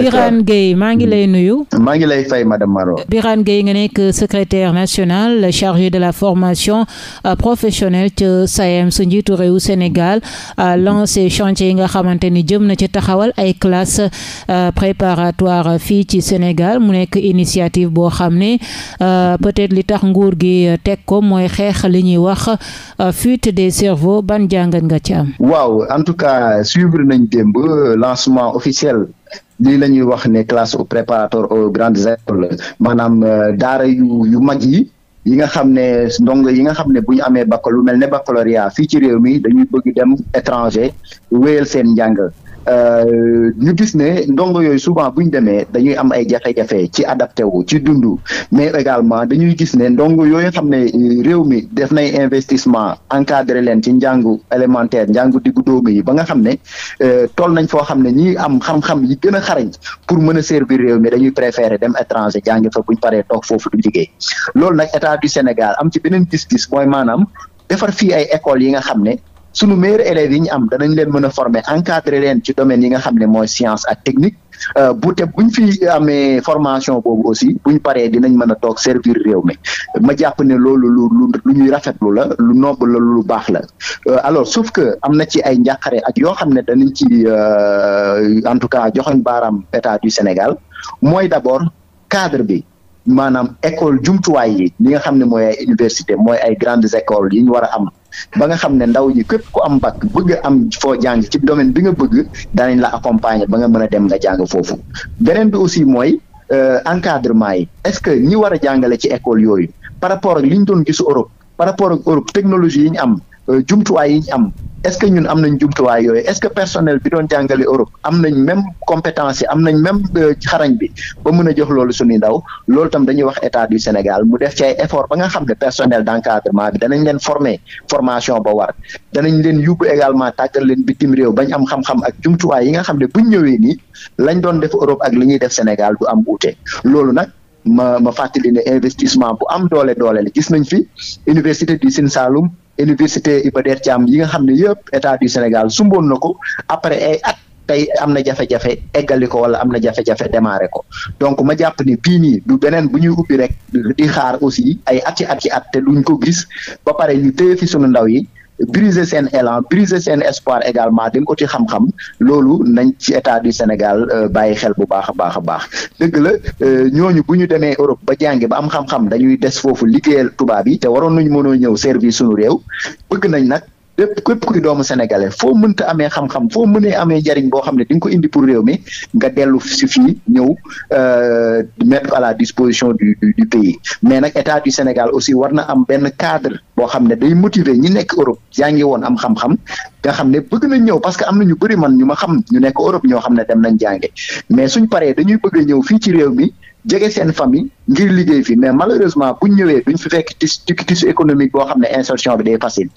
Birane Gueye maa ngi lay nuyu. maa ngi lay fay madame Maro. Birane Gueye nga nekk secrétaire national chargé de la formation euh, professionnelle ca SAEMS njiitu réew Sénégal lancé chantier yi nga xamante ni jëm na ci taxawal ay classes euh, préparatoires fii ci Sénégal mu nekk initiative boo xam ne euh, peut-être li tax nguur gi teg ko mooy xeex li ñuy wax fuite des cerveaux ban jàngat nga ci am. waaw en tout cas suivre nañ démb lancement officiel. lii la ñuy wax ne classe au préparatoire aux grandes écoles maanaam euh, daara yu yu mag yi yi nga xam ne ndongo yi nga xam ne bu ñu amee baccalauréat lu mel ne baccalauréat fii ci réew mi dañuy bëgg dem étranger wéyal seen njàng Euh, ñu gis ne ndongo yooyu souvent bu ñu demee dañuy am ay jafe-jafe ci adapté wu ci dund mais également dañuy gis ne ndongo yooyu xam ne euh, réew mi def nay investissement encadré leen ci njàngu élémentaire njàngu diggu dóomu yi ba nga xam ne euh, toll nañ foo xam ne ñi am xam-xam yi gën a xarañ pour mën a servir réew mi dañuy préférer dem étranger jàngi fa buñ paree toog foofu du liggéey loolu nag état du Sénégal am ci beneen gis-gis mooy maanaam defar fii ay écoles yi nga xam ne sunu maire élèves yi ñu am danañ leen mën a former encadrer leen ci domaine yi nga xam ne mooy science ak technique euh, bu te buñ fi amee formation boobu aussi buñ paree dinañ mën a toog servir réew mi ma jàpp ne loolu lu lu ñuy rafetlu la lu noble la lu baax la euh, alors sauf que am na ci ay njàqare ak yoo xam ne danañ ci euh, en tout cas joxoñ baaraam état du Sénégal mooy d'abord cadre bi maanaam école jumtuwaay yi li nga xam ne mooy ay université mooy ay grandes écoles yi war a am ba nga xam ne ndaw ñi képp ku am bac bëgg am foo jàng ci domaine bi nga bëgg danañ la accompagner ba nga mën a dem nga jàng foofu beneen bi aussi mooy euh, encadrement yi est-ce que ñi war a jàngale ci école yooyu par rapport ak li ñu doon gisu Europe par rapport ak Europe technologie yi ñu am Euh, jumtuwaay yi ñu am est-ce que ñun am nañ jumtuwaay yooyu est-ce que personnel bi doon jàngale Europe am nañ même compétence yi am nañ même euh, xarañ bi ba mën a jox loolu suñuy ndaw loolu tam dañuy wax état du Sénégal mu def ci effort ba nga xam ne personnel d'encadrement bi danañ leen former formation ba war danañ leen yóbbu également tàggal leen bitim réew bañ am xam-xam ak jumtuwaay yi nga xam ne buñ ñëwee nii lañ doon def Europe ak lañuy def Sénégal du am uute loolu nag. ma ma fàttali ne investissement bu am doole doole gis nañ fi université du Sine Saloum université Iba Der Thiam yi nga xam ne yëpp état du Sénégal sumboon na ko après ay at tey am na jafe-jafe eggali ko wala am na jafe-jafe démarré ko donc ma jàpp ni bii nii du beneen bu ñuy ubbi rek di xaar aussi ay at ci at ci at te duñ ko gis ba pare te téye fi sunu ndaw yi briser seen élan briser seen espoir également dem uti xam-xam loolu nañ ci état du Sénégal euh, bàyyi xel bu baax a baax a baax dëgg la euh, ñooñu bu ñu demee Europe ba jàngi ba am xam-xam dañuy des foofu liggéeyal tubaab yi te waroon nañu mënoo ñëw service suñu réew bëgg nañ nag lépp képp kuy doomu sénégalais foo mënta amee xam-xam foo mënee amee njariñ boo xam ne di ko indi pour réew mi nga dellu si fii ñëw euh, mettre à la disposition du du pays mais nag état du Sénégal aussi war na am benn cadre boo xam ne day motiver ñu nekk Europe yaa woon am xam-xam nga xam ne bëgg na ñëw parce que am na ñu bëri man ñu ma xam ñu nekk Europe ñoo xam ne dem nañ jànge mais suñ paree dañuy bëgg a ñëw fii ci réew mi jege seen famille ngir liggéey fi mais malheureusement bu ñëwee ñu fi fekk tis tissu économique boo xam ne insertion bi day facile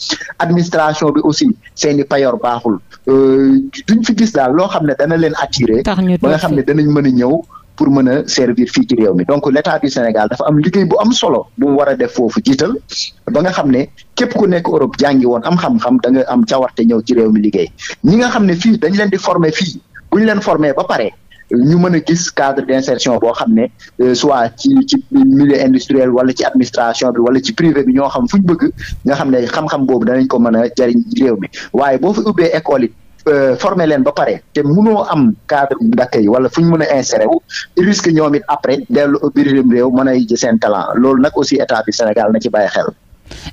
administration bi aussi seeni i baaxul baaxul euh, duñ fi gis daal loo xam ne dana leen attirer ba nga xam ne danañ mën a ñëw pour mën a servir fii ci réew mi donc l' état du Sénégal dafa am liggéey bu am solo bu mu war a def foofu jiital ba nga xam ne képp ku nekk Europe jàngi woon am xam-xam da am cawarte ñëw ci réew mi liggéey ñi nga xam ne fii dañ leen di former fii bu ñu leen former ba pare ñu mën a gis cadre d'insertion boo xam ne euh, soit ci ci milieu industriel wala ci administration bi wala ci privé bi ñoo xam fu ñu bëgg nga xam ne xam-xam boobu danañ ko mën a jariñ réew mi waaye boo fi ubbee école yi euh, former leen ba pare te mënoo am cadre d'accueil wala fu ñu mën a insérer wu risque ñoom it après dellu birim réew mën a seen talent loolu nag aussi état bi Sénégal na ci bàyyi xel.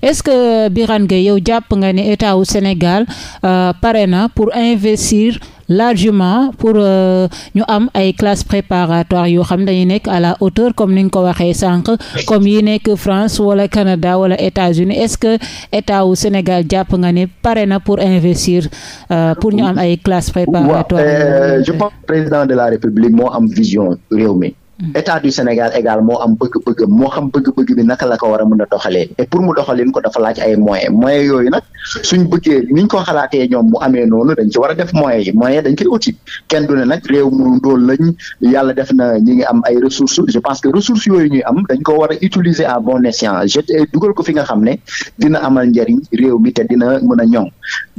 est-ce que Birane Gueye yow jàpp nga ne état wu Sénégal euh, pare na pour investir. largement pour euh, ñu am ay classes préparatoires yoo xam dañuy nekk à la hauteur comme ni nga ko waxee sànq comme yi nekk France wala Canada wala États-Unis est-ce que état wu Sénégal jàpp nga ne pare na pour investir euh, pour ñu am ay classes préparatoires. Euh, je pense président de la République moo am vision réew mi. Mm-hmm. état du Sénégal égal moo am bëgg-bëgg moo xam bëgg-bëgg bi naka la ko war a mën a doxalee et pour mu doxalin ko dafa laaj ay moyen moyens yooyu nag suñ bëggee niñ ko xalaatee ñoom mu amee noonu dañ ci war a def moyens yi moyens dañ koy uti kenn ne nag réew mu ndóol lañ yàlla def na ñi ngi am ay ressources je pense que ressources yooyu ñuy am dañ ko war a utiliser à bon escient je dugal ko fi nga xam ne dina amal njëriñ réew mi te dina mën a ñoŋ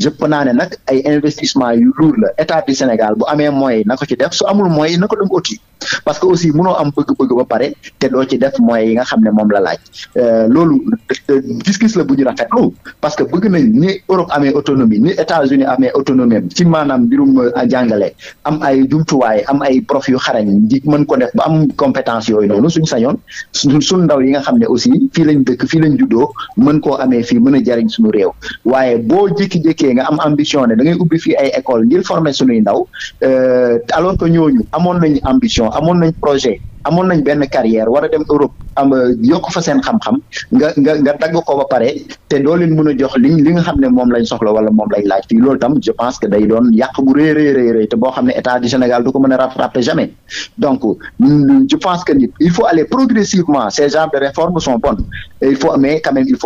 jëpp naa ne nag ay investissement yu lourd la état du Sénégal bu amee moyens na ko ci def su amul moyens na ko dem uti parce que aussi mënoo am bëgg-bëgg ba pare te doo ci def moyens yi nga xam ne moom la laaj euh, loolu gis-gis euh, la bu ñu rafetlu parce que bëgg nañ ni Europe amee autonomie ni États-Unis amee autonomie ci maanaam mbirum euh, jàngale am ay jumtuwaay am ay prof yu xarañ di mën ko def ba am compétence yooyu noonu suñ sañoon suñ ndaw yi nga xam ne aussi fii lañ dëkk fii lañ juddoo mën koo amee fii mën a jariñ suñu réew waaye boo jékki-jékkee nga am ambition ne da ngay ubbi fii ay école ngir former suñuy ndaw alors que ñooñu amoon nañu amoon nañ projet amoon nañ benn carrière war a dem Europe am euh, yokk fa seen xam-xam nga nga nga dagg ko ba pare te doo leen mën a jox liñ li nga xam ne moom lañ soxla wala moom lañ laaj fii loolu tam je pense que day doon yàq bu rëy rëy rëy te boo xam ne état du Sénégal du ko mën a rattraper jamais donc mm, je pense que ni il faut aller progressivement ces genres de réformes sont bonnes il faut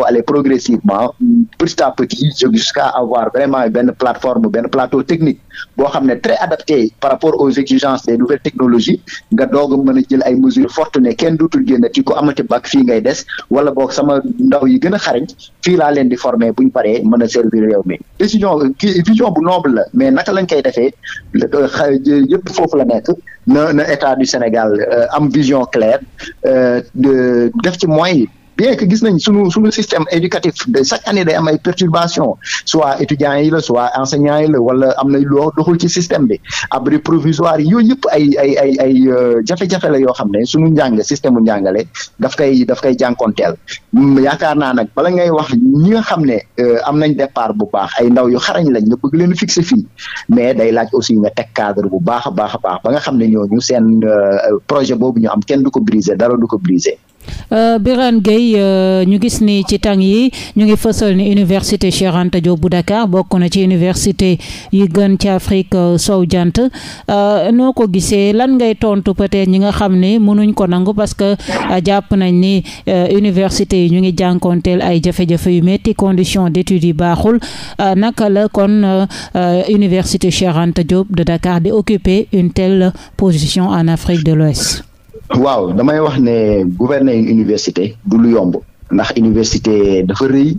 aller progressivement petit petit jusqu'à avoir vraiment benn plateforme benn plateau technique boo xam ne très adapté par rapport aux exigences des nouvelles technologies nga doog mën jël ay mesures fortes ne kenn duutul génnati ko amati bac fii ngay des wala boog sama ndaw yi gën a xarañ fii laa leen di former bu ñu paree mën a servir réew mi décision ki vision bu noble la mais naka lañ koy defee euh, yëpp foofu la nekk na na état du Sénégal euh, am vision claire euh, de def ci moyens yi bien que gis nañ sunu suñu système éducatif de chaque année day am ay perturbation soit étudiants yi la soit enseignants yi la wala am na loo doxul ci système bi abri provisoire yooyu yëpp ay ay ay ay euh, jafe-jafe la yoo xam ne suñu njàng système mu njàngale daf koy daf koy jànkonteel mm, yaakaar naa nag bala ngay wax ñi nga xam ne euh, am nañ départ bu baax ay ndaw yu xarañ lañ nga bëgg leen fixer fii mais day laaj aussi nga teg cadre bu baax a baax a baax ba nga xam ne ñooñu seen euh, projet boobu ñu am kenn du ko briser dara du ko briser Euh, Bougane Gueye euh, ñu gis ni ci tàng yi ñu ngi fësal ni université Cheikh Anta bu Dakar bokk na ci université yi gën ci Afrique euh, sow jant noo ko gisee lan ngay tontu peut ñi nga xam ne mënuñ ko nangu parce que jàpp nañ ni université yi ñu ngi jànkoonteel ay jafe-jafe yu metti condition d'études yi baaxul naka la kon université Cheikh Anta Diop de Dakar di occuper une telle position en Afrique de l'Ouest waaw damay wax ne gouverner une université du lu yomb ndax université dafa rëy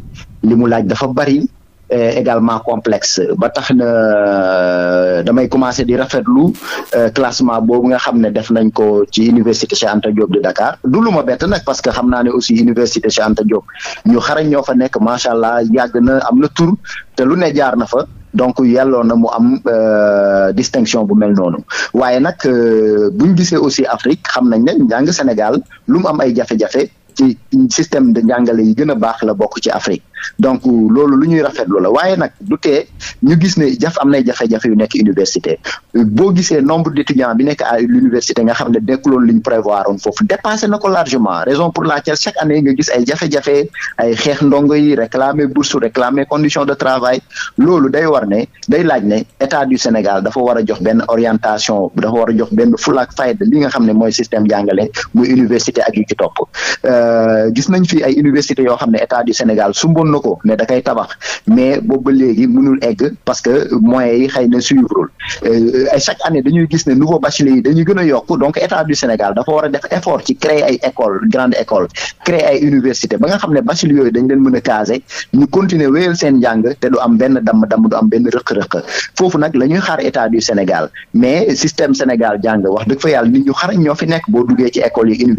li mu laaj dafa bari eh, également complexe ba tax na euh, damay commencer di rafetlu euh, classement boobu nga xam ne def nañ ko ci université Cheikh Anta Diop de Dakar du lu ma bett na parce que xam naa ne aussi université Cheikh Anta Diop ñu xarañ ñoo fa nekk macha allah yàgg na am na tur te lu ne jaar na fa. donc yàlloo na mu am euh, distinction bu mel noonu waaye nag euh, bu ñu gisee aussi Afrique xam nañ ne njàng Sénégal lu mu am ay jafe-jafe ci système de la yi gën a baax la bokk ci Afrique donc loolu lu ñuy rafetlu la waaye nag du tee ñu gis ne jaf am nay jafe-jafe yu nekk université boo gisee nombre d' étudiants bi nekk à l'université nga xam ne dekkuloon li ñu prévoir woon foofu na ko largement raison pour laquelle chaque année nga gis ay jafe-jafe ay xeex ndongo yi réclamer bourse réclamer conditions de travail loolu day war ne day laaj ne état du Sénégal dafa war a jox benn orientation dafa war a jox benn fulaak fayda li nga xam ne mooy système jàngale muy université ak ci topp euh, gis nañ fi ay université yoo xam ne état du Sénégal sumboon bëggoon na ko da koy tabax mais boobu ba léegi mënul egg parce que moyens xay xëy na suivrul ay euh, chaque année dañuy gis ne nouveau bachelier yi dañuy gën a yokk donc état du Sénégal dafa war a def effort ci créer ay école grande école créer ay université ba nga xam ne bachelier yooyu dañ leen mën a caser ñu continuer wéyal seen njàng am benn damm-damm am benn rëq-rëq foofu nag la ñuy xaar état du Sénégal mais système Sénégal jàng wax dëgg fa yàlla nit ñu xarañ ñoo fi nekk boo duggee ci école yi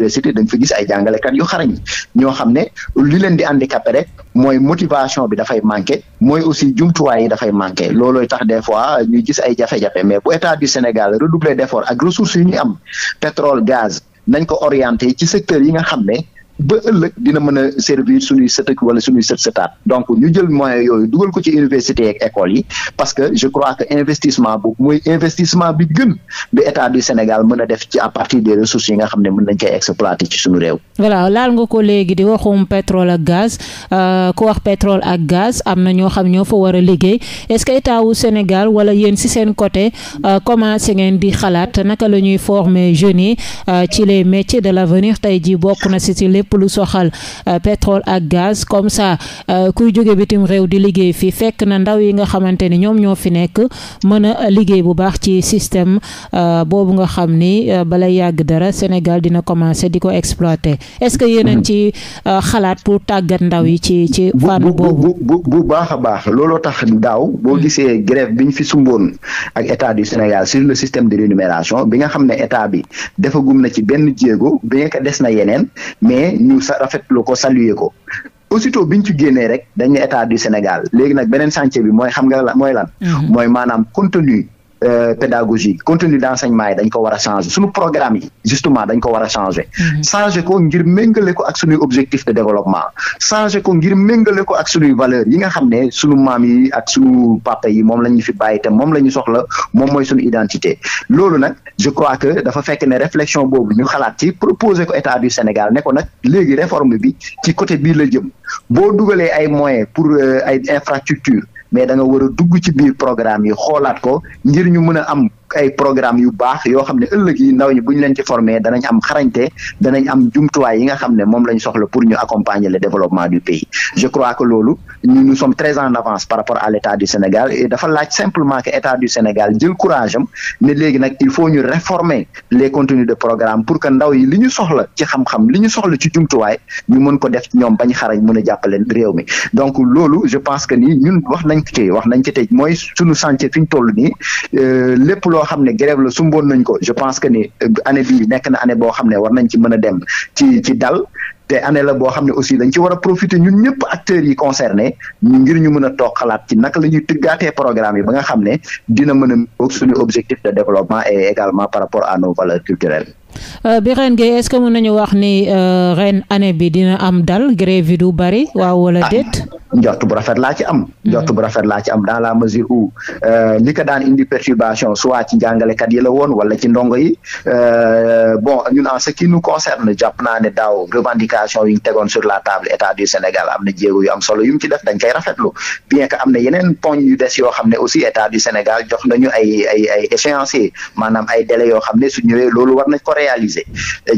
gis ay jàngalekat yu xarañ ñoo xam ne li leen di handicapé rek mooy motivation bi dafay manqué mooy aussi jumtuwaay yi dafay manqué loolooy tax des fois ñu gis ay jafe-jafe mais bu état du Sénégal redoubler d'effort ak ressources yi ñu am pétrole gaz nañ ko orienté ci secteur yi nga xam ne ba ëllëg dina mën a servir suñuy sët wala suñuy sët sëtaat donc ñu jël moyens yooyu dugal ko ci université ak école yi parce que je crois que investissement boobu mooy investissement bi gën bi état du Sénégal mën a def ci à partir des ressources yi nga xam ne mën nañ koy exploiter ci suñu réew. voilà laal nga ko léegi di waxum pétrole ak gaz euh, ku wax pétrole ak gaz am na ñoo xam ñoo fa war liggéey est-ce que état wu Sénégal wala yéen si seen côté euh, commencé ngeen di xalaat naka la ñuy former jeunes yi euh, ci les métiers de l'avenir tey jii bokk na si lépp lu soxal euh, pétrole ak gaz comme ça euh, kuy jóge bitim réew di liggéey fii fekk na ndaw yi nga xamante ni ñoom ñoo fi nekk mën a liggéey bu baax ci système euh, boobu nga xam ni bala yàgg dara Sénégal dina commencer di ko exploiter est-ce que yeneen ci xalaat pour tàggat ndaw yi ci ci fànn boobu bu baax a baax looloo tax daaw boo hmm. gisee grève bi ñu fi sumboon ak état du Sénégal sur le système de rémunération bi nga xam ne état bi defagum na ci benn jéego bi nga na yeneen génnee ñu sa rafetlu ko saluer ko aussitôt biñ ci génnee rek dañu état du Sénégal léegi nag beneen chantier bi mooy xam nga la mooy lan. Mhm. mooy maanaam contenu Euh, pédagogie contenu d'enseignement yi dañ ko war a changer suñu programme yi justement dañ ko war a changer mm-hmm. changer ko ngir méngale ko ak suñuy objectif de développement changer ko ngir méngale ko ak suñuy valeur yi nga xam ne suñu maam yi ak suñu papa yi moom la ñu fi bàyyi te moom la ñu soxla moom mooy suñu identité loolu nag je crois que dafa fekk ne réflexion boobu ñu xalaat ci proposer ko état du Sénégal ne ko nag léegi réforme bi ci côté bii la jëm boo dugalee ay moyens pour euh, ay infrastructure mais da nga war a dugg ci biir programme yi xoolaat ko ngir ñu mën a am ay programme yu baax yoo xam ne ëllëg yi ndaw ñi bu lañ ci formé danañ am xarañte danañ am jumtuwaay yi nga xam ne moom lañ soxla pour ñu accompagner le développement du pays je crois que loolu ñu nous sommes très en avance par rapport a l'état du Sénégal dafa laaj simplement que état du Sénégal jël courage am ne léegi nag il faut ñu réformer les contenus de programme pour que ndaw yi li ñu soxla ci xam-xam li soxla ci jumtuwaay ñu mën ko def ñoom bañ xarañ mën a jàppaleen réew mi donc loolu je pense que nii ñun wax nañ ko tey wax nañ ko tey mooy suñu chantier fi ñu toll nii euh, lépp yoo xam ne grève la sumboon nañ ko je pense que ni euh, année bii nekk na année boo xam ne war nañ ci mën a dem ci ci dal te année la boo xam ne aussi dañ ci war a profiter ñun ñëpp acteur yi concernés ngir ñu mën a toog xalaat ci naka la ñuy tëggaatee programme yi ba nga xam ne dina mën a suñu objectif de développement et également par rapport à nos valeurs culturelles Euh, Birane Gueye est-ce que mën nañu wax ni euh, ren année bi dina am dal grève yi du bari waaw wala ah, déet. njort bu rafet laa ci am. Mhm. njort bu rafet laa ci am dans la mesure u euh, li ko daan indi perturbation soit ci jàngalekat yi la woon wala ci ndongo yi bon ñun en ce qui nous concerne jàpp naa ne daaw revendication yi ñu tegoon sur la table état du Sénégal am na jéego yu am solo yu mu ci def dañ koy rafetlu bien que am na yeneen poñ yu des yoo xam ne aussi état du Sénégal jox nañu ay ay ay maanaam ay délais yoo xam ne su ñëwee loolu war nañ réaliser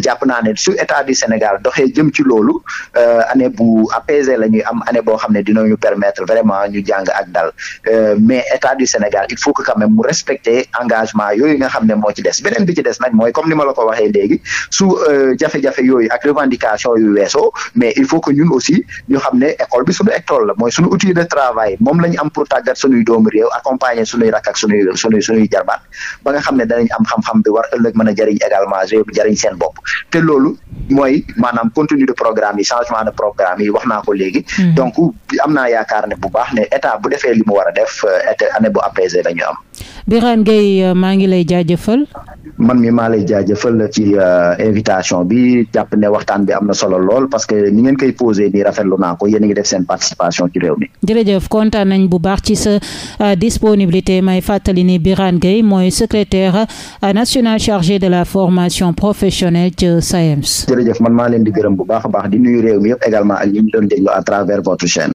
jàpp naa ne su état du Sénégal doxee jëm ci loolu euh, année bu apaisé la ñuy am année boo xam ne dinañu permettre vraiment ñu jàng ak dal euh, mais état du Sénégal il faut que quand mu respecter engagement yooyu nga xam ne moo ci des beneen bi ci des nag mooy comme ni ma la ko waxee léegi su euh, jafe-jafe yooyu ak revendication yu weesoo mais il faut que ñun aussi ñu xam ne école bi suñu école la mooy suñu outil de travail moom la ñu am pour tàggat suñuy doomu réew accompagner suñuy a jariñ seen bopp te loolu mooy maanaam contenu de programme yi changement de programme yi wax naa ko léegi hmm. donc am naa yaakaar ne bu baax ne état bu defee li mu a def euh, année bu apaisé la ñu am Birane Gueye euh, maa ngi lay jaajëfal man mi maa lay jaajëfal ci euh, invitation bi jàpp ne waxtaan bi am na solo lool parce que ni ngeen koy posé nii rafetlu naa ko yéen a ngi def seen participation ci réew mi. jërëjëf kontaan nañ bu baax ci sa euh, disponibilité may fàttali ni Birane Gueye mooy secrétaire euh, national chargé de la formation professionnelle ci SAEMS. jërëjëf man maa leen di gërëm bu baax baax di nuyu réew mi yëpp également ak ñi ñu doon déglu à travers votre chaîne.